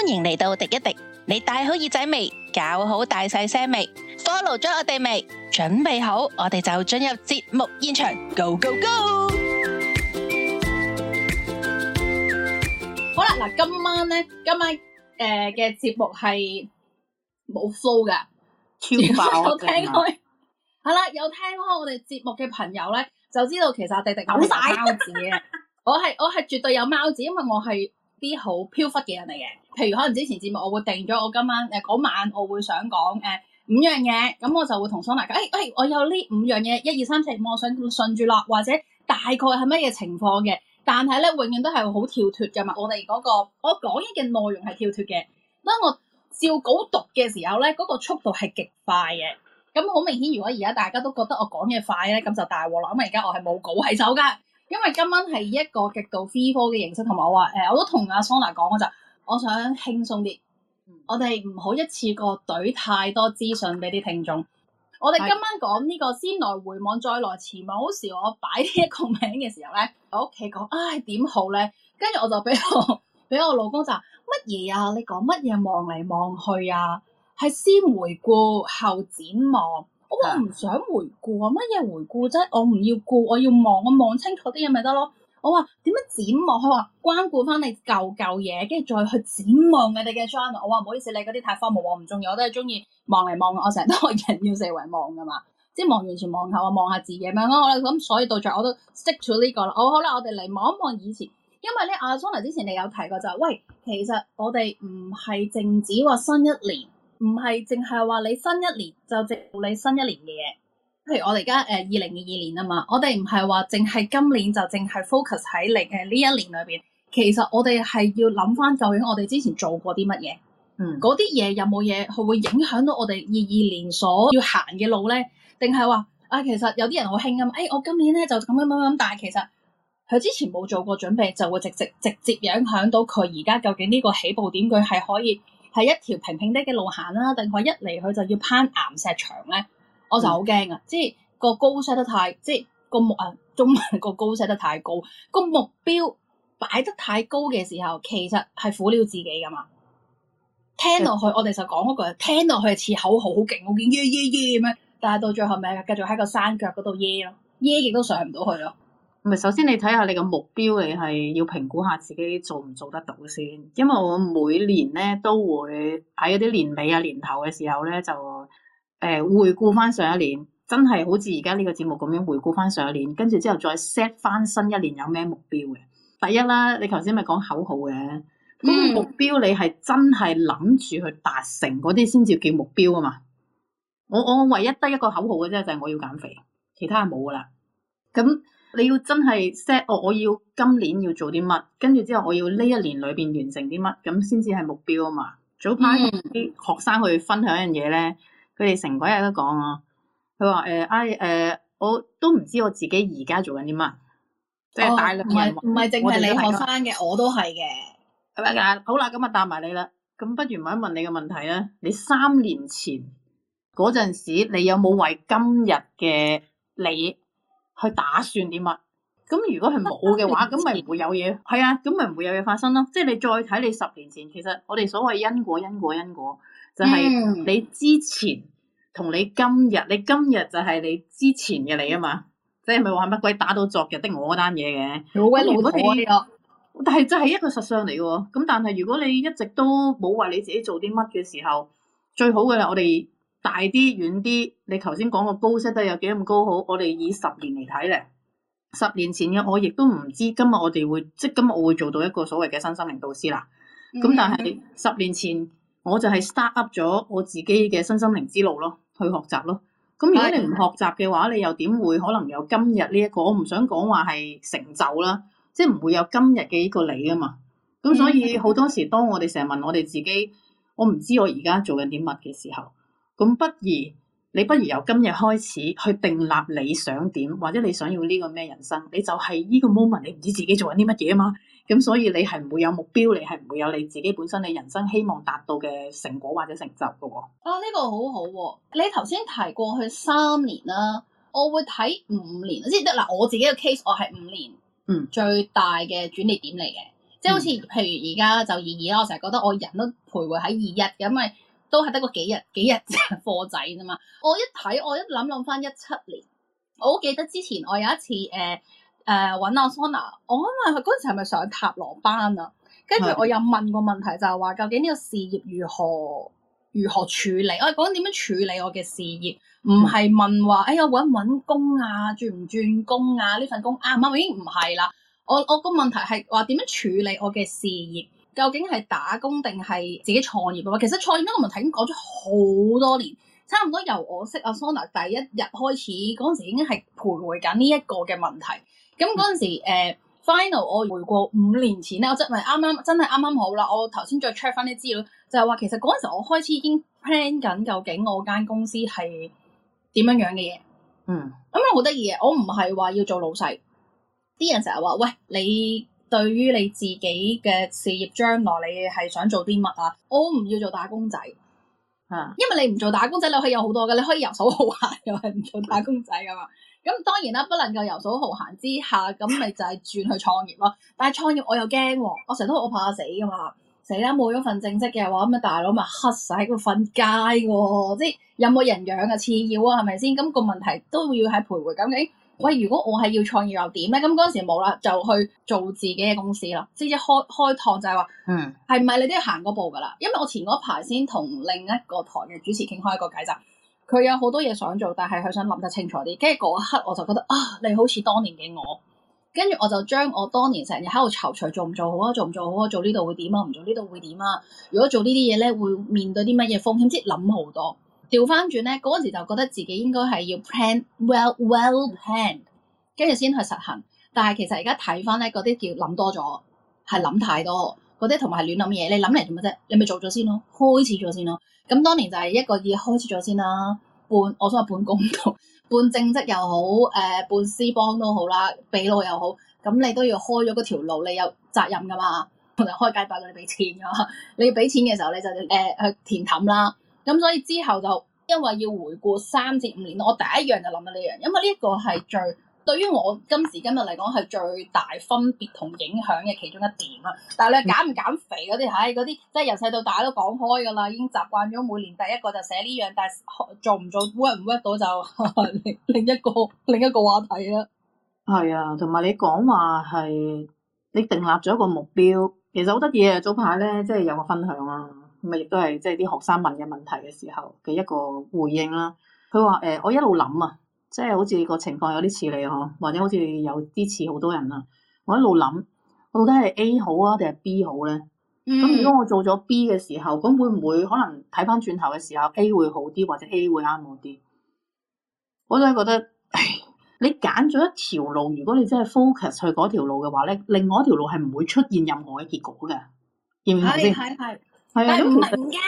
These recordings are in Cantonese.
歡迎嚟到廸一廸，你戴好耳仔未？搞好大細聲未？follow 咗我哋未？準備好，我哋就進入節目現場，go go go！好啦，嗱，今晚咧，今晚誒嘅節目係冇 flow 嘅，超爆我聽開。好啦，有聽開我哋節目嘅朋友咧，就知道其實廸廸冇貓子，我係我係絕對有貓子，因為我係啲好飄忽嘅人嚟嘅。譬如可能之前節目我會定咗我今晚誒嗰、呃、晚我會想講誒、呃、五樣嘢，咁我就會同 Sona 講，誒、哎哎、我有呢五樣嘢，一二三四，五，我想順住落，或者大概係乜嘢情況嘅，但係咧永遠都係好跳脱嘅嘛。我哋嗰、那個我講嘢嘅內容係跳脱嘅，當我照稿讀嘅時候咧，嗰、那個速度係極快嘅。咁好明顯，如果而家大家都覺得我講嘢快咧，咁就大禍啦大鑊。咁而家我係冇稿喺手噶，因為今晚係一個極度 freeform 嘅形式，同埋我話誒、呃，我都同阿 Sona 講我就。我想輕鬆啲，嗯、我哋唔好一次過懟太多資訊俾啲聽眾。是我哋今晚講呢個先來回望，再來前望。嗰時我擺呢一個名嘅時候咧，我屋企講唉點好咧？跟住我就俾我俾我老公就乜嘢啊？你講乜嘢望嚟望去啊？係先回顧後展望。我唔想回顧啊！乜嘢回顧啫？我唔要顧，我要望。我望清楚啲嘢咪得咯。我話點樣展望？佢話，關顧翻你舊舊嘢，跟住再去展望你哋嘅 channel。我話唔好意思，你嗰啲太荒謬，唔重要。我都係中意望嚟望，我成日都係人要四圍望噶嘛，即係望完全望後啊，望下自己咁樣。咁所以到最後我都識咗呢個啦。我好啦，我哋嚟望一望以前，因為咧阿 Sona 之前你有提過就係，喂，其實我哋唔係淨止話新一年，唔係淨係話你新一年就做你新一年嘅嘢。譬如我哋而家誒二零二二年啊嘛，我哋唔係話淨係今年就淨係 focus 喺嚟誒呢一年裏邊，其實我哋係要諗翻究竟我哋之前做過啲乜嘢？嗯，嗰啲嘢有冇嘢係會影響到我哋二二年所要行嘅路咧？定係話啊，其實有啲人好興啊嘛，誒我今年咧就咁樣咁咁，但係其實佢之前冇做過準備，就會直直直接影響到佢而家究竟呢個起步點佢係可以係一條平平哋嘅路行啦，定係一嚟佢就要攀岩石牆咧？我就好驚啊！即係個高 set 得太，即係個目啊，中文個高 set 得太高，個目標擺得太高嘅時候，其實係苦了自己噶嘛。聽落去，欸、我哋就講一句，聽落去似口號好勁，我見耶耶耶咁樣，但係到最後咪繼續喺個山腳嗰度耶咯，耶、嗯、亦、嗯嗯、都上唔到去咯。唔係，首先你睇下你個目標，你係要評估下自己做唔做得到先。因為我每年咧都會喺啲年尾啊、年頭嘅時候咧就。誒，回顧翻上一年，真係好似而家呢個節目咁樣回顧翻上一年，跟住之後再 set 翻新一年有咩目標嘅。第一啦，你頭先咪講口號嘅，嗯、個目標你係真係諗住去達成嗰啲先至叫目標啊嘛。我我唯一得一個口號嘅啫，就係、是、我要減肥，其他係冇噶啦。咁你要真係 set 哦，我要今年要做啲乜，跟住之後我要呢一年裏邊完成啲乜，咁先至係目標啊嘛。早排同啲學生去分享一樣嘢咧。嗯嗯佢哋成鬼日都講啊，佢話誒，唉誒，我都唔知我自己而家做緊啲乜。哦」即係大量唔係唔係淨係你學生嘅，我都係嘅。係咪？嗯、好啦，咁啊答埋你啦。咁不如問一問你嘅問題啦。你三年前嗰陣時，你有冇為今日嘅你去打算啲乜？咁如果係冇嘅話，咁咪唔會有嘢。係啊，咁咪唔會有嘢發生咯。即係你再睇你十年前，其實我哋所謂因果因果因果。因果因果因果就係你之前同你今日，嗯、你今日就係你之前嘅你啊嘛，即係咪話乜鬼打到昨日的我嗰單嘢嘅？嗯、但係真係一個實相嚟嘅喎。咁但係如果你一直都冇話你自己做啲乜嘅時候，最好嘅啦，我哋大啲遠啲。你頭先講個高息都有幾咁高好？我哋以十年嚟睇咧，十年前嘅我亦都唔知今日我哋會即係今日我會做到一個所謂嘅新心靈導師啦。咁、嗯、但係十年前。我就係 start up 咗我自己嘅新心靈之路咯，去學習咯。咁如果你唔學習嘅話，你又點會可能有今日呢一個？我唔想講話係成就啦，即係唔會有今日嘅呢個你啊嘛。咁所以好多時，當我哋成日問我哋自己，我唔知我而家做緊點乜嘅時候，咁不如。你不如由今日開始去定立你想點，或者你想要呢個咩人生？你就係呢個 moment，你唔知自己做緊啲乜嘢啊嘛？咁所以你係唔會有目標，你係唔會有你自己本身你人生希望達到嘅成果或者成就噶喎、哦。啊，呢、這個好好、啊。你頭先提過去三年啦、啊，我會睇五年先得啦。我自己嘅 case，我係五年嗯最大嘅轉捩點嚟嘅，嗯、即係好似譬如而家就二二啦，我成日覺得我人都徘徊喺二一咁咪。都係得個幾日幾日課仔咋嘛？我一睇，我一諗諗翻一七年，我好記得之前我有一次誒誒揾阿 s o n a 我，哦、問問佢嗰陣時係咪上塔羅班啊？跟住我又問個問題就係話，究竟呢個事業如何如何處理？我講點樣處理我嘅事業，唔係問話，哎呀揾唔揾工啊，轉唔轉工啊？呢份工啊，唔係已經唔係啦。我我個問題係話點樣處理我嘅事業？究竟係打工定係自己創業嘅話，其實創業呢個問題已經講咗好多年，差唔多由我識阿 Sona 第一日開始，嗰陣時已經係徘徊緊呢一個嘅問題。咁嗰陣時，嗯，呃，Final 我回過五年前咧，我真係啱啱真係啱啱好啦。我頭先再 check 翻啲資料，就係話其實嗰陣時我開始已經 plan 緊究竟我間公司係點樣樣嘅嘢。嗯，咁樣好得意嘅，我唔係話要做老細，啲人成日話喂你。對於你自己嘅事業將，將來你係想做啲乜啊？我唔要做打工仔，嚇、啊，因為你唔做打工仔，你可以有好多嘅，你可以游手好閒，又係唔做打工仔㗎嘛。咁當然啦，不能夠游手好閒之下，咁咪就係轉去創業咯。但係創業我又驚、啊，我成日都我怕死噶嘛，死啦，冇咗份正職嘅話，咁啊大佬咪黑晒喺度瞓街嘅喎，即係有冇人養啊？次要啊，係咪先？咁個問題都要喺徘徊究喂，如果我係要創業又點咧？咁嗰陣時冇啦，就去做自己嘅公司咯，即係開開創就係話，嗯，係唔係你都要行嗰步噶啦？因為我前嗰排先同另一個台嘅主持傾開一個解集，佢有好多嘢想做，但係佢想諗得清楚啲。跟住嗰一刻我就覺得啊，你好似當年嘅我。跟住我就將我當年成日喺度躊躇做唔做好啊，做唔做好啊，做呢度會點啊，唔做呢度會點啊？如果做呢啲嘢咧，會面對啲乜嘢風險？即係諗好多。調翻轉咧，嗰陣時就覺得自己應該係要 plan well，well well plan，跟住先去實行。但係其實而家睇翻咧，嗰啲叫諗多咗，係諗太多。嗰啲同埋亂諗嘢，你諗嚟做乜啫？你咪做咗先咯，開始咗先咯。咁當年就係一個字，開始咗先啦。半，我想話半工讀，半正職又好，誒，半私幫都好啦，俾路又好。咁你都要開咗嗰條路，你有責任噶嘛？同埋開街擺你俾錢噶，你要俾錢嘅時候，你就誒、呃、去填氹啦。咁，嗯，所以之後就因為要回顧三至五年，我第一樣就諗到呢樣，因為呢一個係最對於我今時今日嚟講係最大分別同影響嘅其中一點啦。但係你減唔減肥嗰啲，唉嗰啲即係由細到大都講開㗎啦，已經習慣咗每年第一個就寫呢樣，但係做唔做 work 唔 work 到就 另一個另一個話題啦。係啊，同埋你講話係你定立咗一個目標，其實好得意啊！早排咧，即係有個分享啊。咪亦都係即係啲學生問嘅問題嘅時候嘅一個回應啦。佢話：誒、欸，我一路諗啊，即係好似個情況有啲似你呵，或者好似有啲似好多人啊。我一路諗，我到底係 A 好啊，定係 B 好咧？咁、嗯、如果我做咗 B 嘅時候，咁會唔會可能睇翻轉頭嘅時候 A 會好啲，或者 A 會啱我啲？我真係覺得，唉，你揀咗一條路，如果你真係 focus 去嗰條路嘅話咧，另外一條路係唔會出現任何嘅結果嘅，明唔明先？唔明噶，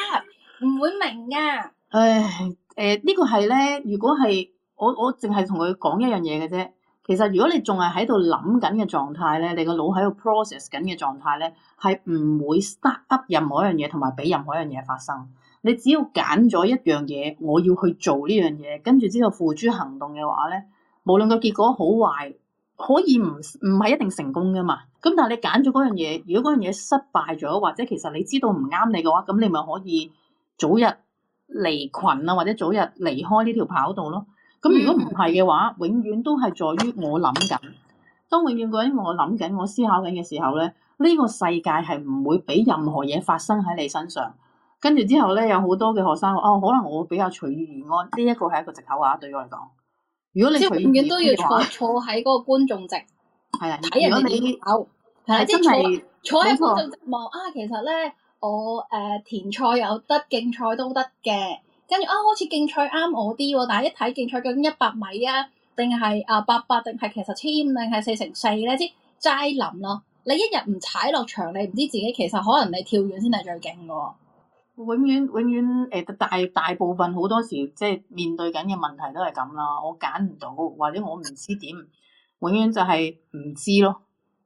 唔會明噶。唉，誒、呃這個、呢個係咧。如果係我，我淨係同佢講一樣嘢嘅啫。其實，如果你仲係喺度諗緊嘅狀態咧，你個腦喺度 process 緊嘅狀態咧，係唔會 start up 任何一樣嘢，同埋俾任何一樣嘢發生。你只要揀咗一樣嘢，我要去做呢樣嘢，跟住之後付諸行動嘅話咧，無論個結果好壞。可以唔唔係一定成功噶嘛？咁但係你揀咗嗰樣嘢，如果嗰樣嘢失敗咗，或者其實你知道唔啱你嘅話，咁你咪可以早日離群啊，或者早日離開呢條跑道咯。咁如果唔係嘅話，永遠都係在於我諗緊。當永遠嗰因為我諗緊，我思考緊嘅時候咧，呢個世界係唔會俾任何嘢發生喺你身上。跟住之後咧，有好多嘅學生話：哦，可能我會比較隨遇而安。呢一個係一個藉口啊，對我嚟講。如果你永遠都要坐坐喺嗰個觀眾席，係啊， 睇人哋跑，係啊，即坐坐喺觀眾席望沒錯 啊，其實咧我誒、呃、田賽有得，競賽都得嘅，跟住啊，好似競賽啱我啲，但係一睇競賽究竟一百米啊，定係啊八百，定係其實千五，定係四乘四咧，即齋諗咯。你一日唔踩落場，你唔知自己其實可能你跳遠先係最勁嘅。永遠永遠誒、欸、大大部分好多時即係面對緊嘅問題都係咁啦，我揀唔到或者我唔知點，永遠就係唔知咯。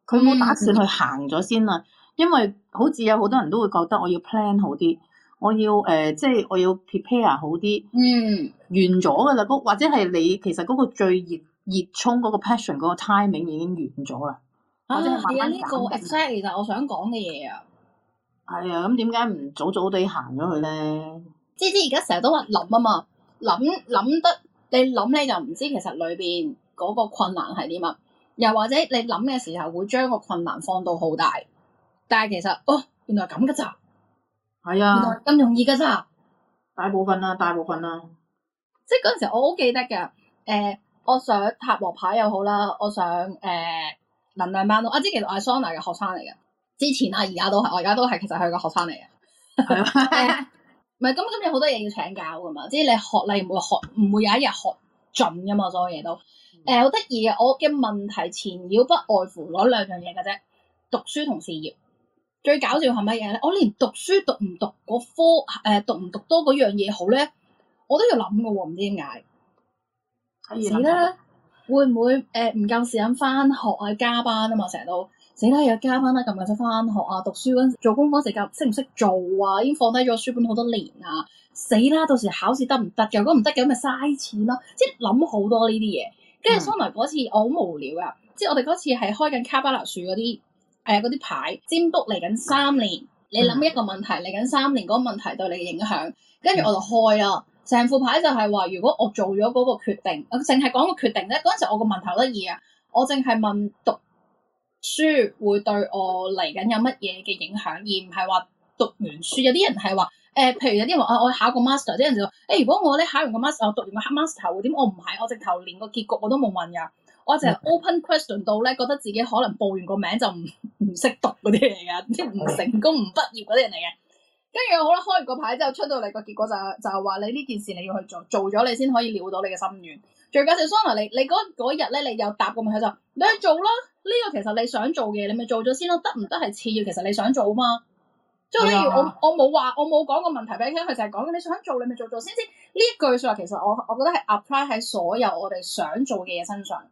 佢冇打算去行咗先啦，因為好似有好多人都會覺得我要 plan 好啲，我要誒即係我要 prepare 好啲。嗯，完咗㗎啦，或者係你其實嗰個最熱熱衷嗰個 passion 嗰個 timing 已經完咗啦。或者慢慢啊，係啊、呢個，呢個 exactly 就我想講嘅嘢啊。係啊，咁點解唔早早哋行咗去咧？即係而家成日都話諗啊嘛，諗諗得你諗咧，就唔知其實裏邊嗰個困難係點啊。又或者你諗嘅時候會將個困難放到好大，但係其實哦，原來咁噶咋？係啊呀，原咁容易噶咋，啊？大部分啦，啊，大部分啦。即係嗰陣時我好記得嘅，誒、呃，我想塔羅牌又好啦，我想誒、呃、能量板都，阿芝其實阿桑 o 嘅學生嚟嘅。之前啊，而家都係，而家都係，其實係個學生嚟嘅，係咪？唔係咁，今日好多嘢要請教噶嘛，即係你學，你唔學，唔會有一日學盡噶嘛，所有嘢都。誒、嗯，好得意啊！我嘅問題纏繞不外乎嗰兩樣嘢㗎啫，讀書同事業。最搞笑係乜嘢咧？我連讀書讀唔讀嗰科，誒，讀唔讀多嗰樣嘢好咧，我都要諗噶，唔知點解。而咧會唔會誒唔夠時間返學啊？加班啊嘛，成日都。嗯死啦！又加班啦，咁快就翻學啊，讀書嗰陣做功課時夠識唔識做啊，已經放低咗書本好多年啊！死啦！到時考試得唔得？如果唔得嘅咁咪嘥錢咯，即係諗好多呢啲嘢。跟住收埋嗰次，我好無聊啊。即係我哋嗰次係開緊卡巴拉樹嗰啲誒嗰啲牌，佔卜嚟緊三年，嗯、你諗一個問題嚟緊三年嗰個問題對你嘅影響，跟住我就開啦，成副牌就係話如果我做咗嗰個決定，我淨係講個決定咧。嗰陣時我個問題好得意啊，我淨係問讀書會對我嚟緊有乜嘢嘅影響，而唔係話讀完書有啲人係話，誒、呃，譬如有啲人話、啊，我考個 master，啲人就話，誒、欸，如果我咧考完個 master，我讀完個 master 會點？我唔係，我直頭連個結局我都冇問㗎，我淨係 open question 到咧，覺得自己可能報完個名就唔唔識讀嗰啲嚟㗎，即係唔成功唔畢業嗰啲人嚟嘅。跟住好啦，開完個牌之後出到嚟個結果就係，就係話你呢件事你要去做，做咗你先可以料到你嘅心願。最搞笑，Sona 你你嗰日咧，你又答個問題就你去做啦，呢、這個其實你想做嘅，你咪做咗先咯，得唔得係次要，其實你想做啊嘛。即係例如我我冇話我冇講個問題俾你聽，佢就係講你想做你咪做做先知。呢一句說話其實我我覺得係 apply 喺所有我哋想做嘅嘢身上，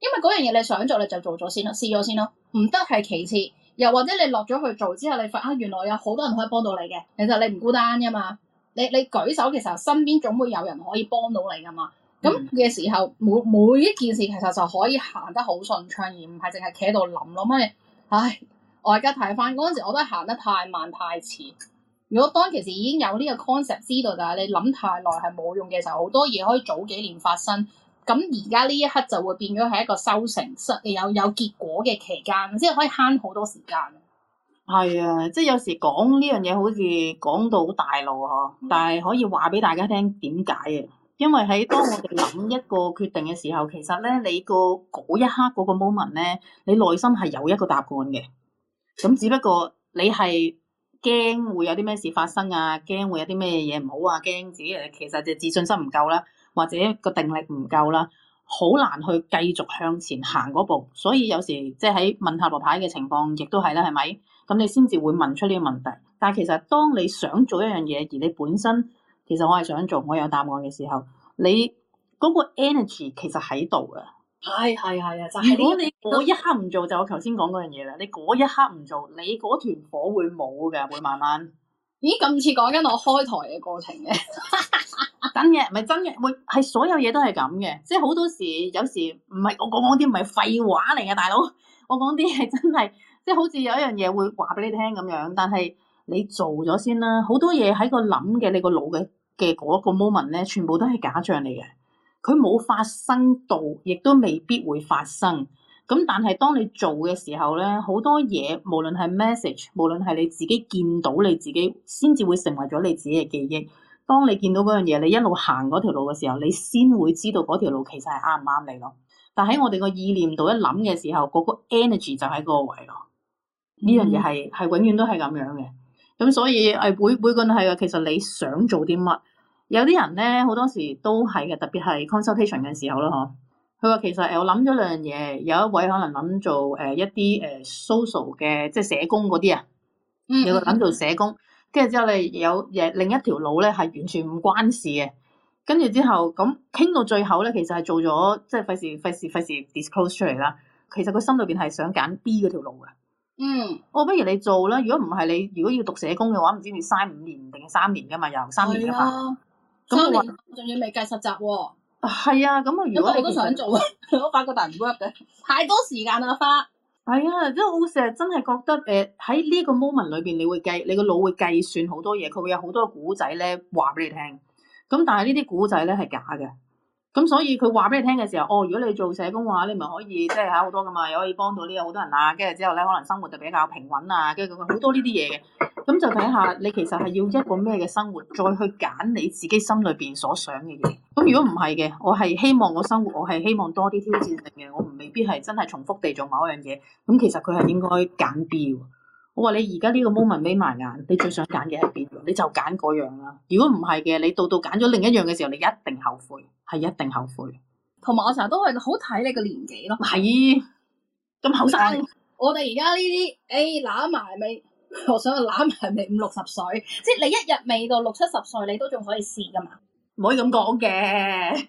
因為嗰樣嘢你想做你就做咗先啦，試咗先啦，唔得係其次。又或者你落咗去做之後，你發啊原來有好多人可以幫到你嘅，其實你唔孤單噶嘛。你你舉手其實身邊總會有人可以幫到你噶嘛。咁嘅、嗯、時候，每每一件事其實就可以行得好順暢，而唔係淨係企喺度諗諗乜嘢。唉，我而家睇翻嗰陣時，我都係行得太慢太遲。如果當其時已經有呢個 concept 知道㗎，你諗太耐係冇用嘅時候，好多嘢可以早幾年發生。咁而家呢一刻就會變咗係一個收成、失有有結果嘅期間，即係可以慳好多時間。係啊，即係有時講呢樣嘢好似講到好大路呵、啊，嗯、但係可以話俾大家聽點解啊？因為喺當我哋諗一個決定嘅時候，其實咧你個嗰一刻嗰個 moment 咧，你內心係有一個答案嘅。咁只不過你係驚會有啲咩事發生啊，驚會有啲咩嘢唔好啊，驚自己其實就自信心唔夠啦，或者個定力唔夠啦，好難去繼續向前行嗰步。所以有時即係喺問下落牌嘅情況，亦都係啦，係咪？咁你先至會問出呢個問題。但係其實當你想做一樣嘢，而你本身，其實我係想做，我有答案嘅時候，你嗰個 energy 其實喺度嘅。係係係啊！就係如果你我一刻唔做， 就我頭先講嗰樣嘢啦。你嗰一刻唔做，你嗰團火會冇嘅，會慢慢，咦咁似講緊我開台嘅過程嘅， 真嘅，唔係真嘅，會係所有嘢都係咁嘅，即係好多時有時唔係我講嗰啲唔係廢話嚟嘅，大佬我講啲係真係，即係好似有一樣嘢會話俾你聽咁樣，但係你做咗先啦。好多嘢喺個諗嘅，你個腦嘅。嘅嗰個 moment 咧，全部都係假象嚟嘅，佢冇發生到，亦都未必會發生。咁但係當你做嘅時候咧，好多嘢無論係 message，無論係你自己見到你自己，先至會成為咗你自己嘅記憶。當你見到嗰樣嘢，你一路行嗰條路嘅時候，你先會知道嗰條路其實係啱唔啱你咯。但喺我哋個意念度一諗嘅時候，嗰個 energy 就喺嗰個位咯。呢樣嘢係係永遠都係咁樣嘅。咁所以誒，每每個係其實你想做啲乜？有啲人咧，好多時都係嘅，特別係 consultation 嘅時候咯，嗬。佢話其實誒，我諗咗兩樣嘢，有一位可能諗做誒一啲誒 social 嘅，即係社工嗰啲啊。嗯，嗯。有個諗做社工，跟住之後咧有誒另一條路咧係完全唔關事嘅。跟住之後咁傾到最後咧，其實係做咗即係費事費事費事 disclose 出嚟啦。其實佢心裏邊係想揀 B 嗰條路嘅。嗯，我不如你做啦。如果唔係你，如果要讀社工嘅話，唔知要嘥五年定三年噶嘛？又三年嘅嘛。咁、啊、年我仲要未計實習喎。係啊，咁啊，如果我都想做啊，實 我發覺大唔 work 嘅太多時間啊，花係啊，即係好成日真係覺得誒喺呢個 moment 裏邊，你會計你個腦會計算好多嘢，佢會有好多古仔咧話俾你聽。咁但係呢啲古仔咧係假嘅。咁所以佢話俾你聽嘅時候，哦，如果你做社工嘅話，你咪可以即係考好多㗎嘛，又可以幫到呢個好多人啊，跟住之後咧，可能生活就比較平穩啊，跟住咁樣，好多呢啲嘢嘅。咁就睇下你其實係要一個咩嘅生活，再去揀你自己心裏邊所想嘅嘢。咁如果唔係嘅，我係希望我生活，我係希望多啲挑戰性嘅，我唔未必係真係重複地做某一樣嘢。咁其實佢係應該揀 B。我話你而家呢個 moment 眯埋眼，你最想揀嘅係邊？你就揀嗰樣啦。如果唔係嘅，你到到揀咗另一樣嘅時候，你一定後悔，係一定後悔。同埋我成日都係好睇你個年紀咯。係咁後生，我哋而家呢啲誒攬埋尾，我想話攬埋尾五六十歲，即係你一日未到六七十歲，你都仲可以試噶嘛？唔可以咁講嘅，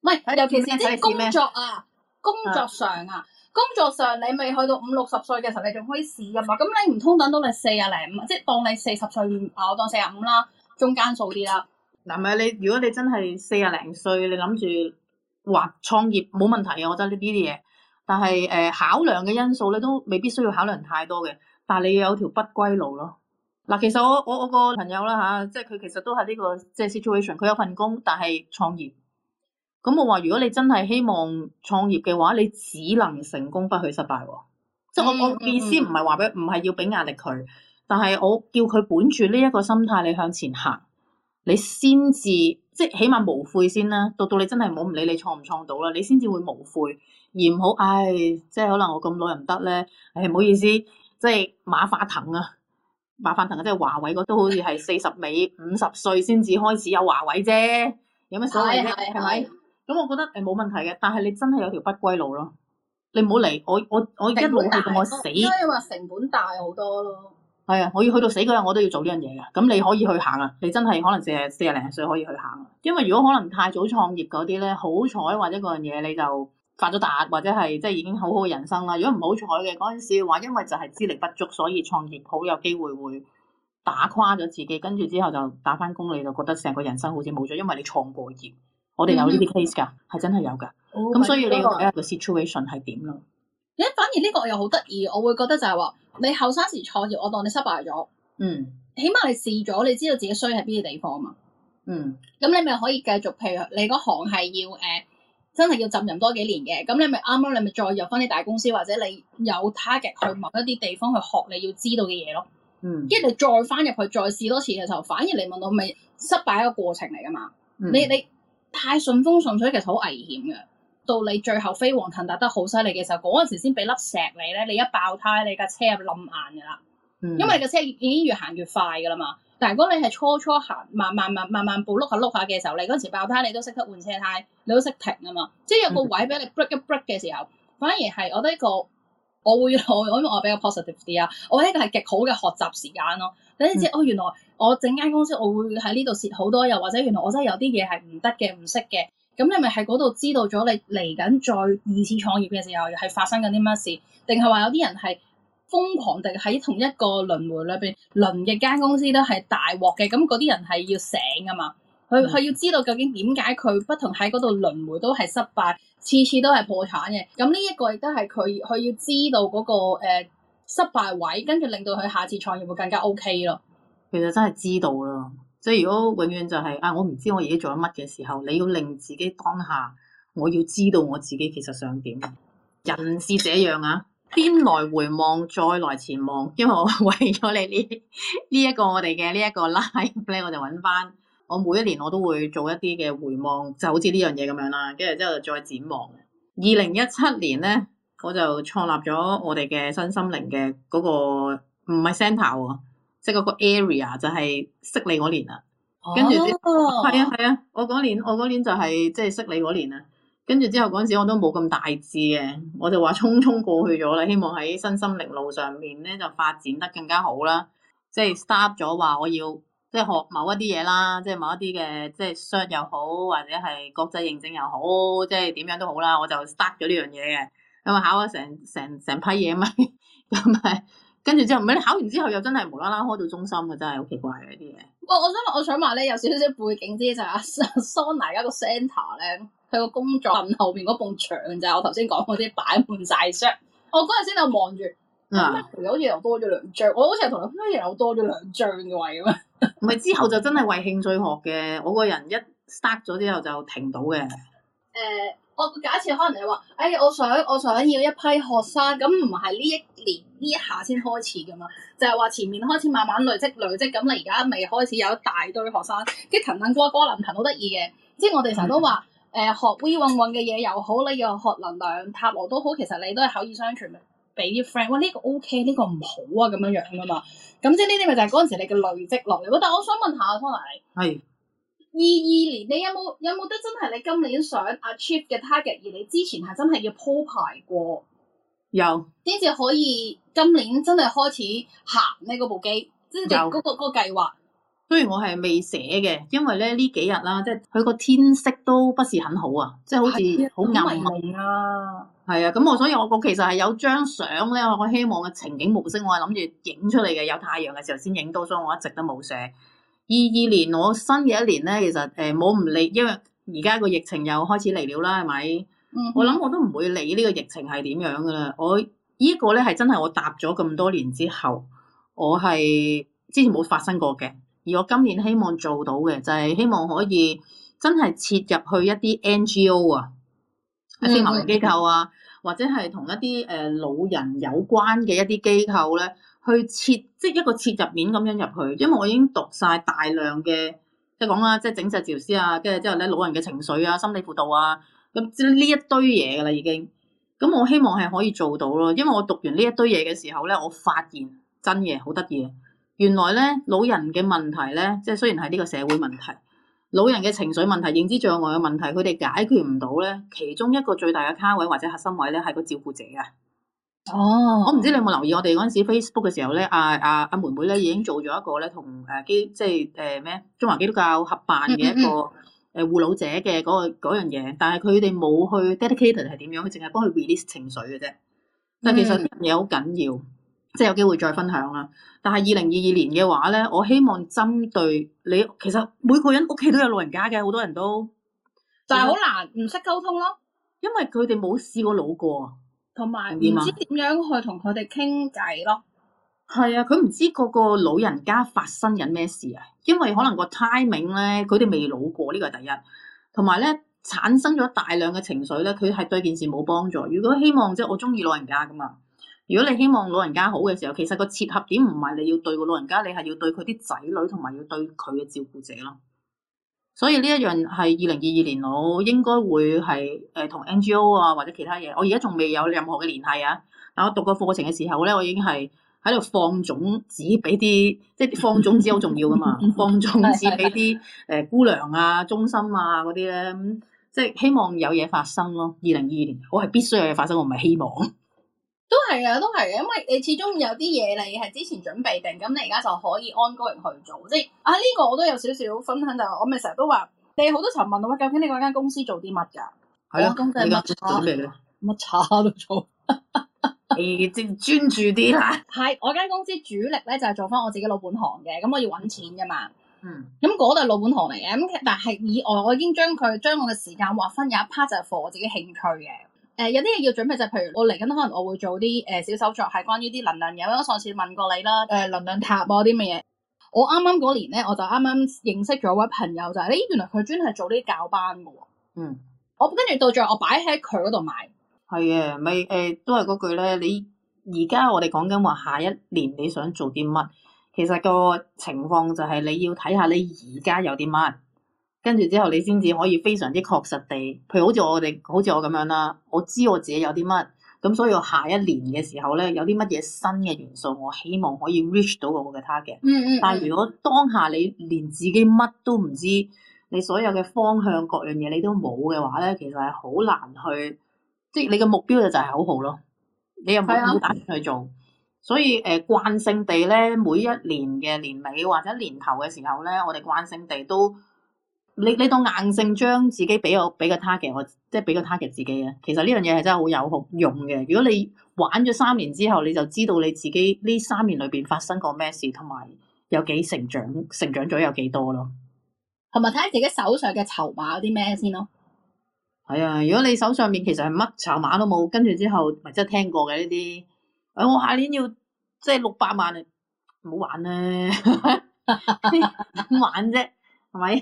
唔係尤其是即係工作啊，工作上啊。 工作上你未去到五六十歲嘅時候，你仲可以試噶嘛？咁你唔通等到你四十零五，即係當你四十歲，我當我四十五啦，中間數啲啦。嗱咪你，如果你真係四十零歲，你諗住話創業冇問題啊，我覺得呢啲嘢。但係誒、呃，考量嘅因素咧都未必需要考量太多嘅。但係你有條不歸路咯。嗱，其實我我我個朋友啦吓、啊，即係佢其實都係呢、這個即係 situation，佢有份工，但係創業。咁我話：如果你真係希望創業嘅話，你只能成功不許失敗喎、哦。即係我意思唔係話俾唔係要俾壓力佢，但係我叫佢本住呢一個心態，你向前行，你先至即係起碼無悔先啦。到到你真係冇唔理你創唔創到啦，你先至會無悔，而唔好唉，即係可能我咁老又唔得咧，唉唔好意思，即係馬化騰啊，馬化騰、啊、即係華為個都好似係四十尾，五十 歲先至開始有華為啫，有咩所謂啫？係咪？是咁我覺得誒冇問題嘅，但係你真係有條不歸路咯，你唔好嚟，我我我一路咁我死，所以話成本大好多咯，係啊，我要去到死嗰日我都要做呢樣嘢嘅。咁你可以去行啊，你真係可能四十四十零歲可以去行啊。因為如果可能太早創業嗰啲咧，好彩或者嗰樣嘢你就發咗達，或者係即係已經好好嘅人生啦。如果唔好彩嘅嗰陣時話，因為就係資力不足，所以創業好有機會會打垮咗自己，跟住之後就打返工，你就覺得成個人生好似冇咗，因為你創過業。 我哋有呢啲 case 噶，係真係有噶。咁、哦、所以你、這個 situation 係點咯？咦、哦，反而呢個又好得意，我會覺得就係話你後生時創業，我當你失敗咗，嗯，起碼你試咗，你知道自己衰喺邊啲地方啊嘛，嗯，咁你咪可以繼續，譬如你個行係要誒，真係要浸淫多幾年嘅，咁你咪啱啱你咪再入翻啲大公司，或者你有 target 去某一啲地方去學你要知道嘅嘢咯，嗯，跟住你再翻入去再試多次嘅時候，反而你問我咪失敗一個過程嚟噶嘛，你你、嗯。嗯太順風順水其實好危險嘅，到你最後飛黃騰達得好犀利嘅時候，嗰陣時先俾粒石你咧，你一爆胎，你架車入冧硬噶啦。因為你架車已經越行越快噶啦嘛。但係如果你係初初行，慢慢慢慢慢步碌下碌下嘅時候，你嗰陣時爆胎，你都識得換車胎，你都識停啊嘛。即係有個位俾你 break 一 break 嘅時候，嗯、反而係我覺得一個，我會因為我我比較 positive 啲啊，我覺得呢個係極好嘅學習時間咯。等你知、嗯、哦，原來我整間公司我會喺呢度蝕好多，又或者原來我真係有啲嘢係唔得嘅、唔識嘅。咁你咪喺嗰度知道咗你嚟緊再二次創業嘅時候，係發生緊啲乜事？定係話有啲人係瘋狂地喺同一個輪迴裏邊輪嘅間公司都係大鑊嘅？咁嗰啲人係要醒噶嘛？佢佢、嗯、要知道究竟點解佢不同喺嗰度輪迴都係失敗，次次都係破產嘅。咁呢一個亦都係佢佢要知道嗰、嗰個、呃失敗位，跟住令到佢下次創業會更加 OK 咯。其實真係知道咯，所以如果永遠就係、是、啊、哎，我唔知我而家做緊乜嘅時候，你要令自己當下，我要知道我自己其實想點。人是這樣啊，先來回望，再來前望。因為我為咗你呢呢一個我哋嘅、這個、呢一個 life 咧，我就揾翻我每一年我都會做一啲嘅回望，就好似呢樣嘢咁樣啦。跟住之後就再展望。二零一七年咧。我就創立咗我哋嘅新心靈嘅嗰個唔係 centre 喎，即係嗰個 area 就係識你嗰年啦。跟住之後，哦，係、oh. 啊係啊，我嗰年我嗰年就係即係識你嗰年啦。跟住之後嗰陣時我都冇咁大志嘅，我就話匆匆過去咗啦。希望喺新心靈路上面咧就發展得更加好啦。即係 start 咗話我要即係、就是、學某一啲嘢啦，即、就、係、是、某一啲嘅即係 cert 又好，或者係國際認證又好，即係點樣都好啦，我就 start 咗呢樣嘢嘅。咁啊，考啊，成成成批嘢咪，咁 咪 跟住之後，唔係你考完之後又真係無啦啦開到中心嘅，真係好奇怪嘅啲嘢。我想我想我想話咧，有少少背景啲就阿 Sona 而家個 center 咧，佢個工作凳後邊嗰埲牆就我頭先講嗰啲擺滿晒相。我嗰日先就望住，嗱、嗯啊、好似又多咗兩張，我好似係同你一樣又多咗兩張嘅位咁啊。唔 係之後就真係為興趣學嘅，我個人一 start 咗之後就停到嘅。誒、嗯。呃我假設可能你話，誒、哎，我想我想要一批學生，咁唔係呢一年呢一下先開始噶嘛，就係、是、話前面開始慢慢累積累積，咁你而家未開始有一大堆學生，啲騰騰瓜哥、林騰好得意嘅，即係我哋成日都話，誒、呃，學 We 運運嘅嘢又好，你又學能量塔羅都好，其實你都係口耳相傳，俾啲 friend，哇，呢、這個 OK，呢個唔好啊咁樣樣噶嘛，咁即係呢啲咪就係嗰陣時你嘅累積落嚟。但係我想問下啊，Sona，係。二二年，你有冇有冇得真係你今年想 achieve 嘅 target？而你之前係真係要鋪排過，有，先至可以今年真係開始行呢部機，即係嗰個嗰個計劃。雖然我係未寫嘅，因為咧呢幾日啦，即係佢個天色都不是很好啊，即係好似好暗啊。係啊，咁我所以我我其實係有張相咧，我希望嘅情景模式，我係諗住影出嚟，嘅有太陽嘅時候先影多張，所以我一直都冇寫。二二年我新嘅一年咧，其實誒冇唔理，因為而家個疫情又開始嚟了啦，係咪？嗯、哼我諗我都唔會理呢個疫情係點樣噶啦。我、這個、呢個咧係真係我搭咗咁多年之後，我係之前冇發生過嘅。而我今年希望做到嘅就係、是、希望可以真係切入去一啲 NGO 啊，一啲民間機構啊，或者係同一啲誒、呃、老人有關嘅一啲機構咧，去切即係一個切入面咁樣入去，因為我已經讀晒大量嘅，即係講啦，即係整實治療師啊，跟住之後咧老人嘅情緒啊、心理輔導啊，咁呢一堆嘢噶啦已經，咁我希望係可以做到咯，因為我讀完呢一堆嘢嘅時候咧，我發現真嘢好得意啊，原來咧老人嘅問題咧，即係雖然係呢個社會問題，老人嘅情緒問題、認知障礙嘅問題，佢哋解決唔到咧，其中一個最大嘅卡位或者核心位咧係個照顧者啊。哦，oh。我唔知你有冇留意我哋嗰陣時 Facebook 嘅時候咧，阿阿阿妹妹咧已經做咗一個咧同誒基即係誒咩中華基督教合辦嘅一個誒護老者嘅嗰個嗰樣嘢，但係佢哋冇去 dedicated 係點樣，佢淨係幫佢 release 情緒嘅啫。但係其實嘢好緊要，即係有機會再分享啦。但係二零二二年嘅話咧，我希望針對你，其實每個人屋企都有老人家嘅，好多人都但係好難唔識溝通咯，因為佢哋冇試過老過啊。同埋唔知點樣去同佢哋傾偈咯，係啊，佢唔知個個老人家發生緊咩事啊。因為可能個 timing 咧，佢哋未老過。呢個係第一。同埋咧，產生咗大量嘅情緒咧，佢係對件事冇幫助。如果希望即係我中意老人家噶嘛，如果你希望老人家好嘅時候，其實個切合點唔係你要對個老人家，你係要對佢啲仔女，同埋要對佢嘅照顧者咯。所以呢一樣係二零二二年我應該會係誒同 NGO 啊或者其他嘢，我而家仲未有任何嘅聯繫啊。但我讀個課程嘅時候咧，我已經係喺度放種子俾啲，即係放種子好重要噶嘛， 放種子俾啲誒姑娘啊、中心啊嗰啲咧，即係希望有嘢發生咯、啊。二零二二年我係必須有嘢發生，我唔係希望。都係啊，都係啊，因為你始終有啲嘢你係之前準備定，咁你而家就可以安高型去做。即係啊，呢、這個我都有少少分享就是我，我咪成日都話你好多次問我話，究竟你嗰間公司做啲乜噶？係啊，咁乜、啊、差都做，你 正 專注啲啦。係我間公司主力咧就係、是、做翻我自己老本行嘅，咁我要搵錢噶嘛。嗯，咁嗰度係老本行嚟嘅，咁但係以外我,我已經將佢將我嘅時間劃分有一 part 就係 for 我自己興趣嘅。誒、呃，有啲嘢要準備就，譬如我嚟緊可能我會做啲誒、呃、小手作，係關於啲能量嘢。因為我上次問過你啦，誒、呃、能量塔啊啲乜嘢。我啱啱嗰年咧，我就啱啱認識咗位朋友就係，咦，原來佢專係做呢啲教班嘅。嗯，我跟住到最後我擺喺佢嗰度賣。係啊，咪、呃、誒，都係嗰句咧，你而家我哋講緊話下一年你想做啲乜，其實個情況就係你要睇下你而家有啲乜。跟住之後，你先至可以非常之確實地，譬如好似我哋好似我咁樣啦。我知我自己有啲乜，咁所以我下一年嘅時候咧，有啲乜嘢新嘅元素，我希望可以 reach 到我嘅 target。嗯嗯。但係如果當下你連自己乜都唔知，你所有嘅方向各樣嘢你都冇嘅話咧，其實係好難去，即係你嘅目標就就係口號咯。你又冇點打算去做，所以誒慣性地咧，每一年嘅年尾或者年頭嘅時候咧，我哋慣性地都。你你當硬性將自己俾我俾個 target，即係俾個 target 自己啊！其實呢樣嘢係真係好有用嘅。如果你玩咗三年之後，你就知道你自己呢三年裏邊發生過咩事，同埋有,有幾成長，成長咗有幾多咯。同埋睇下自己手上嘅籌碼有啲咩先咯。係啊、哎，如果你手上面其實係乜籌碼都冇，跟住之後咪即係聽過嘅呢啲。誒、哎，我下年要即係六百萬啊，唔好玩啦， 玩啫，係咪？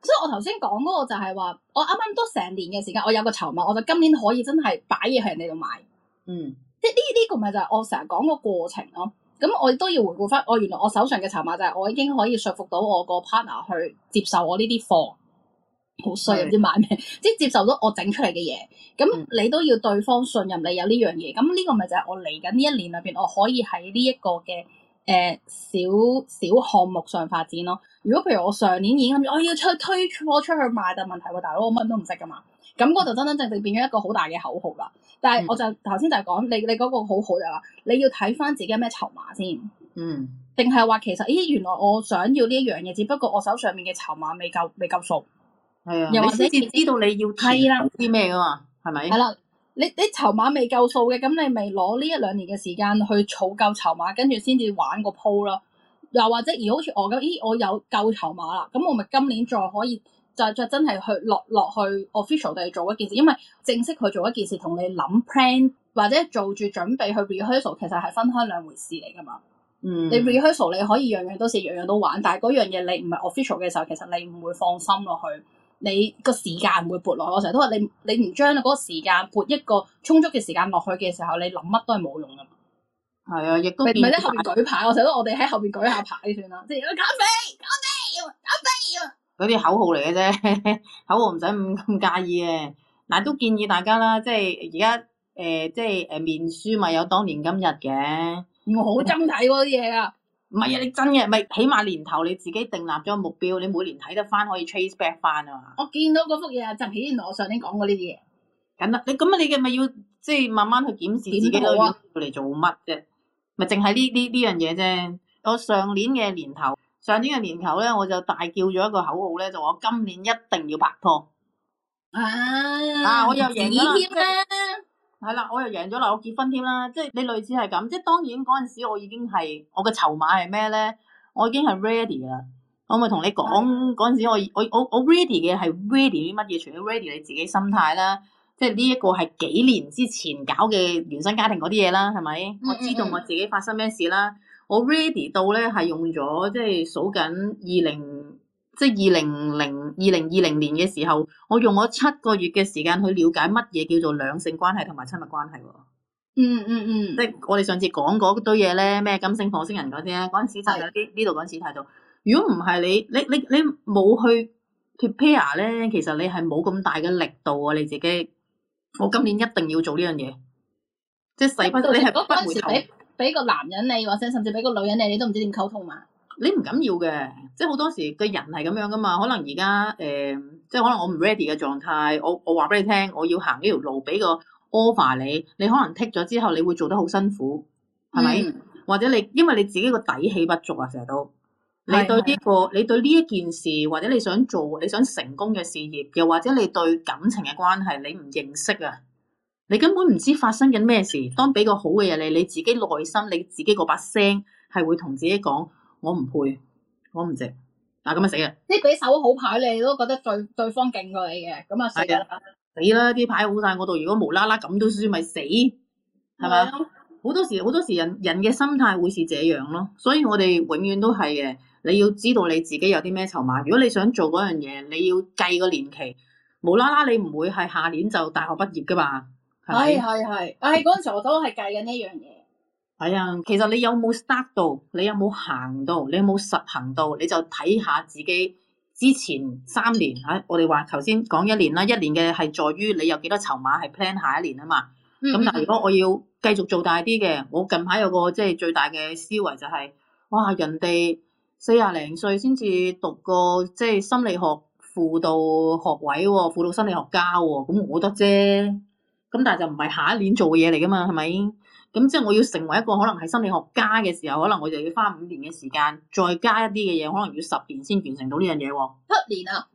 所以、so, 我頭先講嗰個就係話，我啱啱都成年嘅時間，我有個籌碼，我就今年可以真係擺嘢喺人哋度買，嗯，即係呢啲，個咪就係我成日講個過程咯。咁我都要回顧翻，我原來我手上嘅籌碼就係我已經可以説服到我個 partner 去接受我呢啲貨，好衰唔知買咩，即係接受到我整出嚟嘅嘢。咁你都要對方信任你有呢樣嘢，咁呢、嗯、個咪就係我嚟緊呢一年裏邊我可以喺呢一個嘅。誒、呃，小小項目上發展咯。如果譬如我上年已經，我要推推出去賣，但問題喎大佬，我乜都唔識噶嘛。咁嗰度真真正正變咗一個好大嘅口號啦。但係我就頭先、嗯、就係講你你嗰個好好就話，你要睇翻自己咩籌碼先。嗯。定係話其實，咦，原來我想要呢一樣嘢，只不過我手上面嘅籌碼未夠，未夠數。係啊、哎呀。又或者知道你要推啦，啲咩噶嘛？係咪？係啦。你你籌碼未夠數嘅，咁你咪攞呢一兩年嘅時間去儲夠籌碼，跟住先至玩個鋪咯。又或者而好似我咁，咦我有夠籌碼啦，咁我咪今年再可以就再，再真係去落落去 official 咁做一件事。因為正式去做一件事同你諗 plan 或者做住準備去 rehearsal 其實係分開兩回事嚟噶嘛。嗯。你 rehearsal 你可以樣樣都試，樣樣都玩，但係嗰樣嘢你唔係 official 嘅時候，其實你唔會放心落去。你個時間唔會撥落，我成日都話你，你唔將嗰個時間撥一個充足嘅時間落去嘅時候，你諗乜都係冇用㗎嘛。係啊，亦都唔係即係喺後面舉牌，我成日都我哋喺後面舉下牌算啦，即係減肥、減肥、減肥。嗰啲口號嚟嘅啫，口號唔使咁咁介意啊。嗱，都建議大家啦，即係而家誒，即係誒面書咪有當年今日嘅。我好憎睇嗰啲嘢啊！唔係啊，你真嘅，唔係起碼年頭你自己定立咗個目標，你每年睇得翻可以 trace back 翻啊！嘛好。我見到嗰幅嘢啊，就顯然我上年講過呢啲嘢。簡單，你咁你嘅咪要即係慢慢去檢視自己都要嚟做乜啫，咪淨係呢呢呢樣嘢啫。我上年嘅年頭，上年嘅年頭咧，我就大叫咗一個口號咧，就話我今年一定要拍拖。啊！啊！我又贏啦！係啦，我又贏咗啦，我結婚添啦，即係你類似係咁，即係當然嗰陣時我已經係我嘅籌碼係咩咧？我已經係 ready 啦，我咪同你講嗰陣時我我我我 ready 嘅係 ready 啲乜嘢？除咗 ready 你自己心態啦，即係呢一個係幾年之前搞嘅原生家庭嗰啲嘢啦，係咪？嗯嗯嗯，我知道我自己發生咩事啦，我 ready 到咧係用咗，即係數緊二零。即係二零零二零二零年嘅時候，我用我七個月嘅時間去了解乜嘢叫做兩性關係同埋親密關係。嗯嗯嗯。嗯嗯，即係我哋上次講嗰堆嘢咧，咩金星、火星人嗰啲咧，嗰陣時睇到呢呢度嗰陣時睇到。如果唔係你你你你冇去 prepare 咧，其實你係冇咁大嘅力度啊！你自己，我今年一定要做呢樣嘢，即係使到不得，你係不回頭。俾個男人你或者甚至俾個女人你，你都唔知點溝通嘛。你唔緊要嘅，即係好多時嘅人係咁樣噶嘛？可能而家誒，即係可能我唔 ready 嘅狀態。我我話俾你聽，我要行呢條路俾個 offer 你，你可能剔咗之後，你會做得好辛苦，係咪？嗯、或者你因為你自己個底氣不足啊，成日都你對呢個，你對呢、係、你對呢一件事，或者你想做你想成功嘅事業，又或者你對感情嘅關係，你唔認識啊，你根本唔知發生緊咩事。當畀個好嘅嘢你，你自己內心，你自己嗰把聲係會同自己講。我唔配，我唔值，嗱咁啊死啊！即係俾手好牌，你都覺得對對方勁過你嘅，咁啊死啦、欸！死啦！啲牌好晒我度，如果無啦啦咁都輸咪死，係咪？好多時好多時，多時人人嘅心態會是這樣咯。所以我哋永遠都係嘅，你要知道你自己有啲咩籌碼。如果你想做嗰樣嘢，你要計個年期。無啦啦，你唔會係下年就大學畢業噶嘛？係係係，但喺嗰陣時我都係計緊呢樣嘢。 係啊、哎，其實你有冇 start 到？你有冇行到？你有冇實行到？你就睇下自己之前三年吓、哎，我哋話頭先講一年啦，一年嘅係在於你有幾多籌碼係 plan 下一年啊嘛。咁但係如果我要繼續做大啲嘅，我近排有個即係最大嘅思維就係、是，哇！人哋四廿零歲先至讀個即係心理學輔導學位喎，輔導心理學家喎，咁我得啫。咁但係就唔係下一年做嘅嘢嚟噶嘛，係咪？咁即係我要成為一個可能係心理學家嘅時候，可能我就要花五年嘅時間，再加一啲嘅嘢，可能要十年先完成到呢樣嘢。七年啊，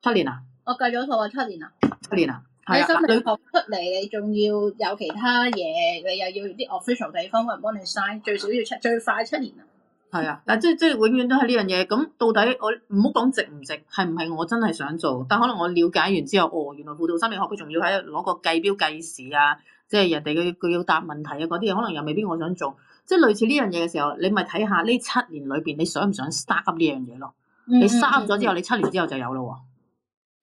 七年啊，我計咗數啊，七年啊，七年啊，係啊，心理學你出嚟你仲要有其他嘢，你又要啲 official 地方可能幫你 sign，最少要七，最快七年啊。係啊，但即係即係永遠都係呢樣嘢。咁到底我唔好講值唔值，係唔係我真係想做？但可能我了解完之後，哦，原來輔導心理學佢仲要喺攞個計標計時啊。即係人哋嘅佢要答問題啊，嗰啲可能又未必我想做。即係類似呢樣嘢嘅時候，你咪睇下呢七年裏邊你想唔想 start up 呢樣嘢咯？Mm hmm. 你 start 咗之後，你七年之後就有咯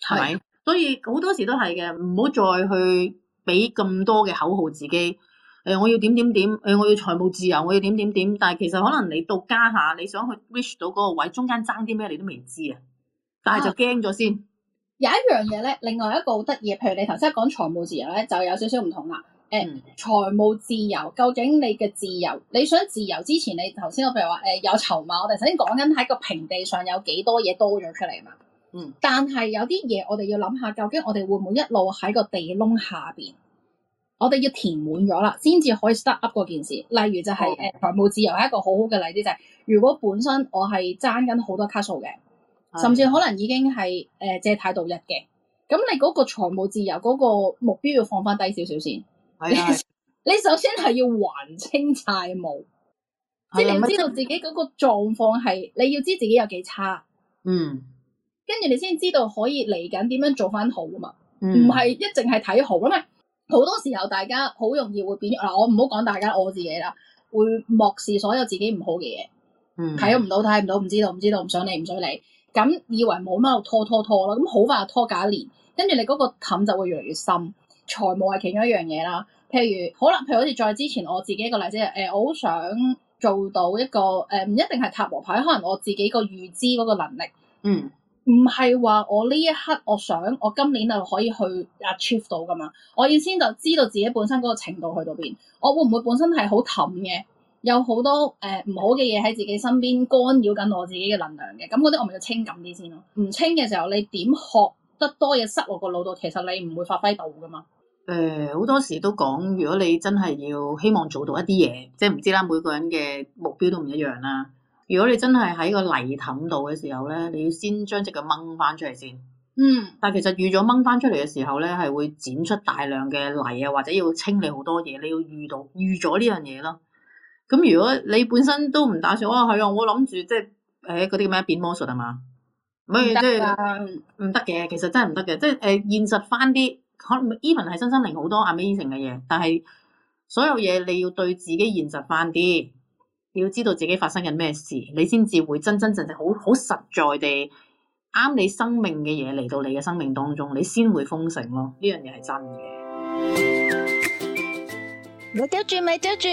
喎，係咪？是所以好多時都係嘅，唔好再去俾咁多嘅口號自己。誒、哎，我要點點點，誒、哎，我要財務自由，我要點點點。但係其實可能你到家下你想去 reach 到嗰個位，中間爭啲咩你都未知啊，但係就驚咗先。有一樣嘢咧，另外一個好得意，譬如你頭先講財務自由咧，就有少少唔同啦。誒、嗯哎，財務自由究竟你嘅自由，你想自由之前，你頭先我譬如話誒、哎、有籌碼，我哋首先講緊喺個平地上有幾多嘢多咗出嚟嘛。嗯。但係有啲嘢我哋要諗下，究竟我哋會唔會一路喺個地窿下邊，我哋要填滿咗啦，先至可以 start up 嗰件事。例如就係、是、誒，嗯嗯、財務自由係一個好好嘅例子，就係如果本身我係爭緊好多卡數嘅。甚至可能已經係誒、呃、借貸度日嘅，咁你嗰個財務自由嗰個目標要放翻低少少先。係的 你首先係要還清債務，的即係你要知道自己嗰個狀況，係你要知自己有幾差。嗯，跟住你先知道可以嚟緊點樣做翻好啊嘛。唔係、嗯、一直係睇好啊嘛。好多時候大家好容易會變嗱，我唔好講大家，我自己啦，會漠視所有自己唔好嘅嘢，睇唔到，睇唔到，唔知道，唔知道，唔想理，唔想理。咁以為冇乜，就拖拖拖咯，咁好快拖假一年，跟住你嗰個氹就會越嚟越深。財務係其中一樣嘢啦，譬如可能譬如好似再之前我自己一個例子，誒、呃、我好想做到一個誒，唔、呃、一定係塔羅牌，可能我自己個預知嗰個能力，嗯，唔係話我呢一刻我想我今年就可以去 achieve 到㗎嘛，我要先就知道自己本身嗰個程度去到邊，我會唔會本身係好氹嘅？有好多誒唔好嘅嘢喺自己身邊干擾緊我自己嘅能量嘅，咁嗰啲我咪就清咁啲先咯。唔清嘅時候，你點學得多嘢塞落個腦度，其實你唔會發揮到㗎嘛。誒好多時都講，如果你真係要希望做到一啲嘢，即係唔知啦，每個人嘅目標都唔一樣啦。如果你真係喺個泥凼度嘅時候咧，你要先將隻腳掹翻出嚟先。嗯，但係其實預咗掹翻出嚟嘅時候咧，係會剪出大量嘅泥啊，或者要清理好多嘢，你要預到預咗呢樣嘢咯。咁如果你本身都唔打算，哇，係啊，我諗住、哎、即係誒嗰啲咁咩變魔術啊嘛，唔係即係唔得嘅，其實真係唔得嘅，即係誒現實翻啲，可能 even 係身心靈好多 Amazing 嘅嘢，但係所有嘢你要對自己現實翻啲，要知道自己發生緊咩事，你先至會真真正正好好實在地啱你生命嘅嘢嚟到你嘅生命當中，你先會豐盛咯。呢樣嘢係真嘅。咪，捉住，咪捉住。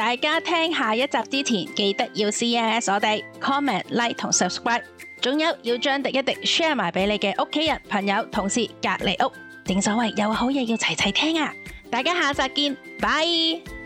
大家聽下一集之前，記得要 CNS 我哋 comment like 同 subscribe，仲有要將滴一滴 share 埋俾你嘅屋企人、朋友、同事、隔籬屋。正所謂有好嘢要齊齊聽啊！大家下集見，拜。